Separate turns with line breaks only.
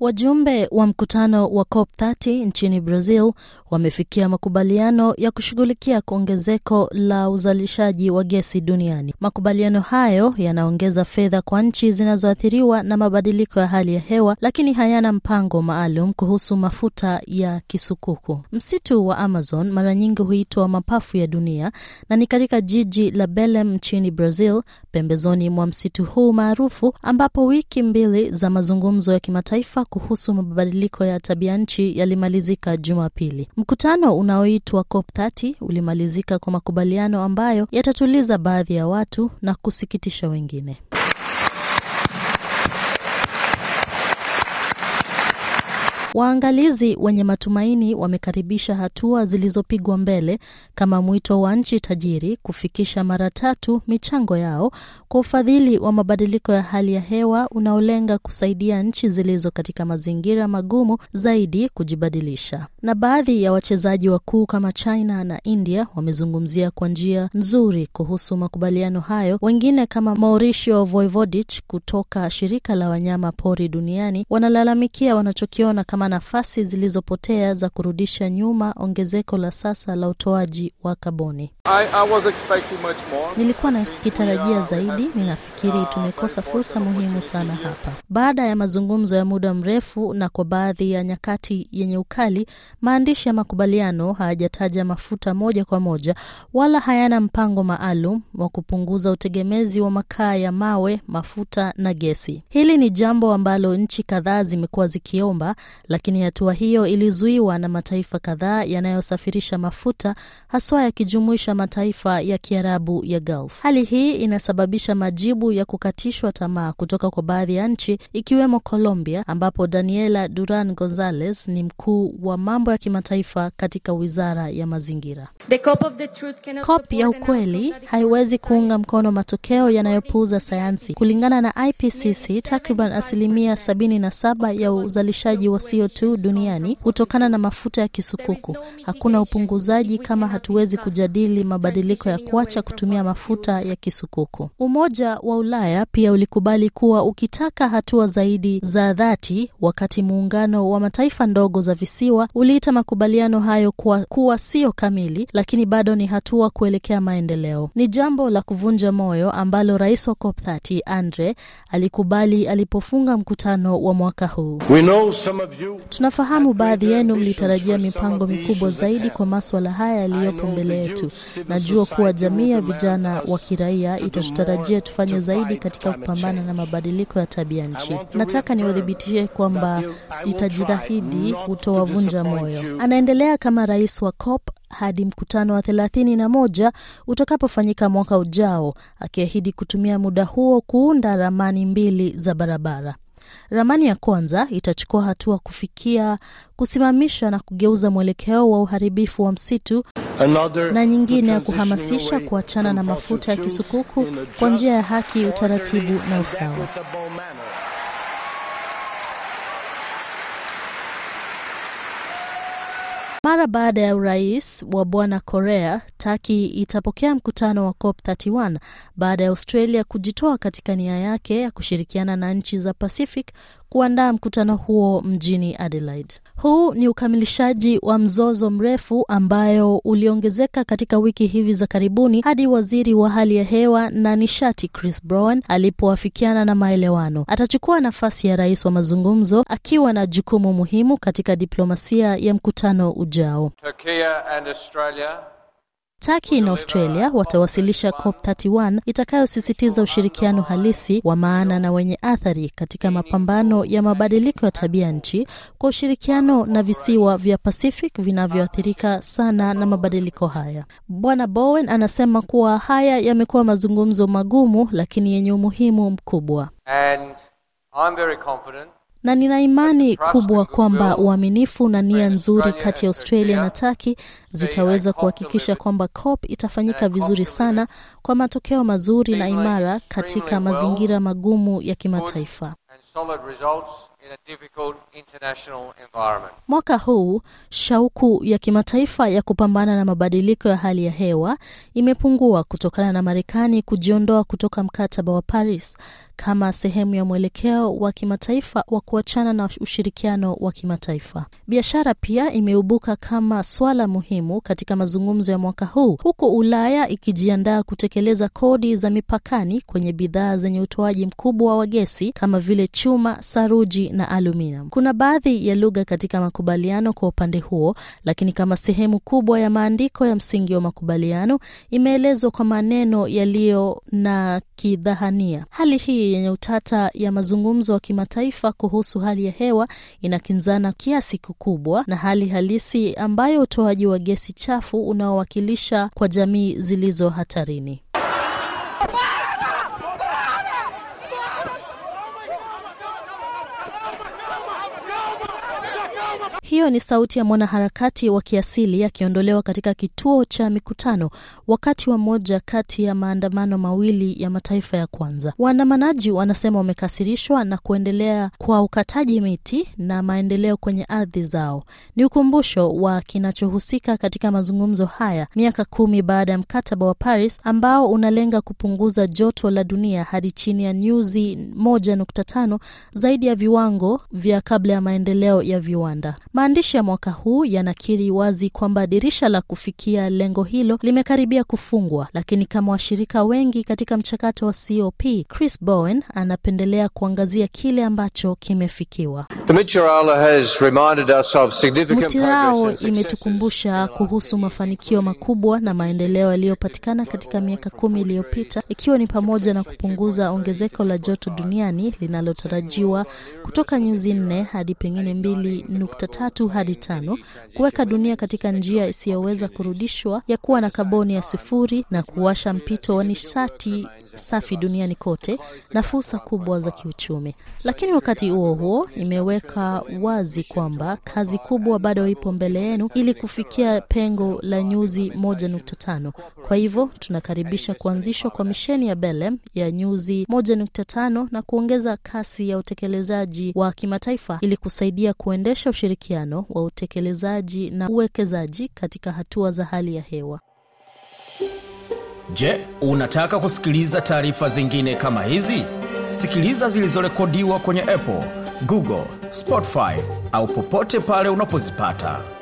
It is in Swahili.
Wajumbe wa mkutano wa COP30 nchini Brazil wamefikia makubaliano ya kushughulikia ongezeko la uzalishaji wa gesi duniani. Makubaliano hayo yanaongeza fedha kwa nchi zinazoathiriwa na mabadiliko ya hali ya hewa, lakini hayana mpango maalum kuhusu mafuta ya kisukuku. Msitu wa Amazon mara nyingi huitwa mapafu ya dunia na ni katika jiji la Belem nchini Brazil, pembezoni mwa msitu huu maarufu, ambapo wiki mbili za mazungumzo ya kimataifa kuhusu mabadiliko ya tabia nchi yalimalizika Jumapili. Mkutano unaoitwa COP30 ulimalizika kwa makubaliano ambayo yatatuliza baadhi ya watu na kusikitisha wengine. Waangalizi wenye matumaini wamekaribisha hatua zilizopigwa mbele kama mwito wa nchi tajiri kufikisha mara tatu michango yao kwa ufadhili wa mabadiliko ya hali ya hewa unaolenga kusaidia nchi zilizo katika mazingira magumu zaidi kujibadilisha. Na baadhi ya wachezaji wakuu kama China na India wamezungumzia kwa njia nzuri kuhusu makubaliano hayo. Wengine kama Mauricio Voivodich kutoka shirika la wanyama pori duniani wanalalamikia wanachokiona kama kama nafasi zilizopotea za kurudisha nyuma ongezeko la sasa la utoaji wa kaboni. I, I was expecting much more. Nilikuwa nakitarajia zaidi, ninafikiri ah, tumekosa fursa muhimu sana hapa. Baada ya mazungumzo ya muda mrefu na kwa baadhi ya nyakati yenye ukali, maandishi ya makubaliano hayajataja mafuta moja kwa moja wala hayana mpango maalum wa kupunguza utegemezi wa makaa ya mawe, mafuta na gesi. Hili ni jambo ambalo nchi kadhaa zimekuwa zikiomba, lakini hatua hiyo ilizuiwa na mataifa kadhaa yanayosafirisha mafuta haswa yakijumuisha mataifa ya Kiarabu ya Gulf. Hali hii inasababisha majibu ya kukatishwa tamaa kutoka kwa baadhi ya nchi ikiwemo Colombia, ambapo Daniela Duran gonzales ni mkuu wa mambo ya kimataifa katika wizara ya mazingira. COP ya ukweli haiwezi kuunga mkono matokeo yanayopuuza sayansi. Kulingana na IPCC, takriban asilimia 77 ya uzalishaji wa CO2 duniani hutokana na mafuta ya kisukuku. Hakuna upunguzaji kama hatuwezi kujadili mabadiliko ya kuacha kutumia mafuta ya kisukuku. Umoja wa Ulaya pia ulikubali kuwa ukitaka hatua zaidi za dhati, wakati muungano wa mataifa ndogo za visiwa uliita makubaliano hayo kuwa, kuwa sio kamili, lakini bado ni hatua kuelekea maendeleo. Ni jambo la kuvunja moyo ambalo rais wa COP30 Andre alikubali alipofunga mkutano wa mwaka huu. We know some of you Tunafahamu baadhi yenu mlitarajia mipango mikubwa zaidi kwa maswala haya yaliyopo mbele yetu. Najua kuwa jamii ya vijana wa kiraia itatutarajia tufanye zaidi katika kupambana na mabadiliko ya tabia nchi. Nataka niwadhibitishe kwamba itajitahidi kutowavunja moyo. Anaendelea kama rais wa COP hadi mkutano wa thelathini na moja utakapofanyika mwaka ujao, akiahidi kutumia muda huo kuunda ramani mbili za barabara. Ramani ya kwanza itachukua hatua kufikia kusimamisha na kugeuza mwelekeo wa uharibifu wa msitu Another, na nyingine ya kuhamasisha kuachana na mafuta ya kisukuku kwa njia ya haki, utaratibu na usawa. Mara baada ya urais wa bwana Korea, Taki itapokea mkutano wa COP31 baada ya Australia kujitoa katika nia yake ya kushirikiana na nchi za Pacific kuandaa mkutano huo mjini Adelaide. Huu ni ukamilishaji wa mzozo mrefu ambayo uliongezeka katika wiki hivi za karibuni hadi waziri wa hali ya hewa na nishati Chris Brown alipoafikiana na maelewano. Atachukua nafasi ya rais wa mazungumzo akiwa na jukumu muhimu katika diplomasia ya mkutano ujao. Turkey and Australia Turkey na Australia watawasilisha COP31 itakayosisitiza ushirikiano halisi wa maana na wenye athari katika mapambano ya mabadiliko ya tabia nchi kwa ushirikiano na visiwa vya Pacific vinavyoathirika sana na mabadiliko haya. Bwana Bowen anasema kuwa haya yamekuwa mazungumzo magumu lakini yenye umuhimu mkubwa. And I'm very confident na nina imani kubwa kwamba uaminifu na nia nzuri kati ya Australia na taki zitaweza kuhakikisha kwamba COP itafanyika vizuri sana kwa matokeo mazuri na imara katika mazingira magumu ya kimataifa. Mwaka huu shauku ya kimataifa ya kupambana na mabadiliko ya hali ya hewa imepungua kutokana na Marekani kujiondoa kutoka mkataba wa Paris, kama sehemu ya mwelekeo wa kimataifa wa kuachana na ushirikiano wa kimataifa. Biashara pia imeubuka kama swala muhimu katika mazungumzo ya mwaka huu, huku Ulaya ikijiandaa kutekeleza kodi za mipakani kwenye bidhaa zenye utoaji mkubwa wa gesi kama vile chuma, saruji na aluminium. Kuna baadhi ya lugha katika makubaliano kwa upande huo, lakini kama sehemu kubwa ya maandiko ya msingi wa makubaliano imeelezwa kwa maneno yaliyo na kidhahania. Hali hii yenye utata ya mazungumzo ya kimataifa kuhusu hali ya hewa inakinzana kiasi kikubwa na hali halisi ambayo utoaji wa gesi chafu unaowakilisha kwa jamii zilizo hatarini Hiyo ni sauti ya mwanaharakati wa kiasili akiondolewa katika kituo cha mikutano wakati wa moja kati ya maandamano mawili ya mataifa ya kwanza. Waandamanaji wanasema wamekasirishwa na kuendelea kwa ukataji miti na maendeleo kwenye ardhi zao. Ni ukumbusho wa kinachohusika katika mazungumzo haya miaka kumi baada ya mkataba wa Paris ambao unalenga kupunguza joto la dunia hadi chini ya nyuzi 1.5 zaidi ya viwango vya kabla ya maendeleo ya viwanda. Maandishi ya mwaka huu yanakiri wazi kwamba dirisha la kufikia lengo hilo limekaribia kufungwa, lakini kama washirika wengi katika mchakato wa COP, Chris Bowen anapendelea kuangazia kile ambacho kimefikiwa. Mitirao imetukumbusha kuhusu mafanikio makubwa na maendeleo yaliyopatikana katika miaka kumi iliyopita, ikiwa ni pamoja na kupunguza ongezeko la joto duniani linalotarajiwa kutoka nyuzi nne hadi pengine mbili nukta tatu tatu hadi tano, kuweka dunia katika njia isiyoweza kurudishwa ya kuwa na kaboni ya sifuri na kuwasha mpito wa nishati safi duniani kote na fursa kubwa za kiuchumi. Lakini wakati huo huo, imeweka wazi kwamba kazi kubwa bado ipo mbele yenu ili kufikia pengo la nyuzi 1.5. Kwa hivyo tunakaribisha kuanzishwa kwa misheni ya Belem ya nyuzi 1.5 na kuongeza kasi ya utekelezaji wa kimataifa ili kusaidia kuendesha ushirikiano uwiano wa utekelezaji na uwekezaji katika hatua za hali ya hewa. Je, unataka kusikiliza taarifa zingine kama hizi? Sikiliza zilizorekodiwa kwenye Apple, Google, Spotify au popote pale unapozipata.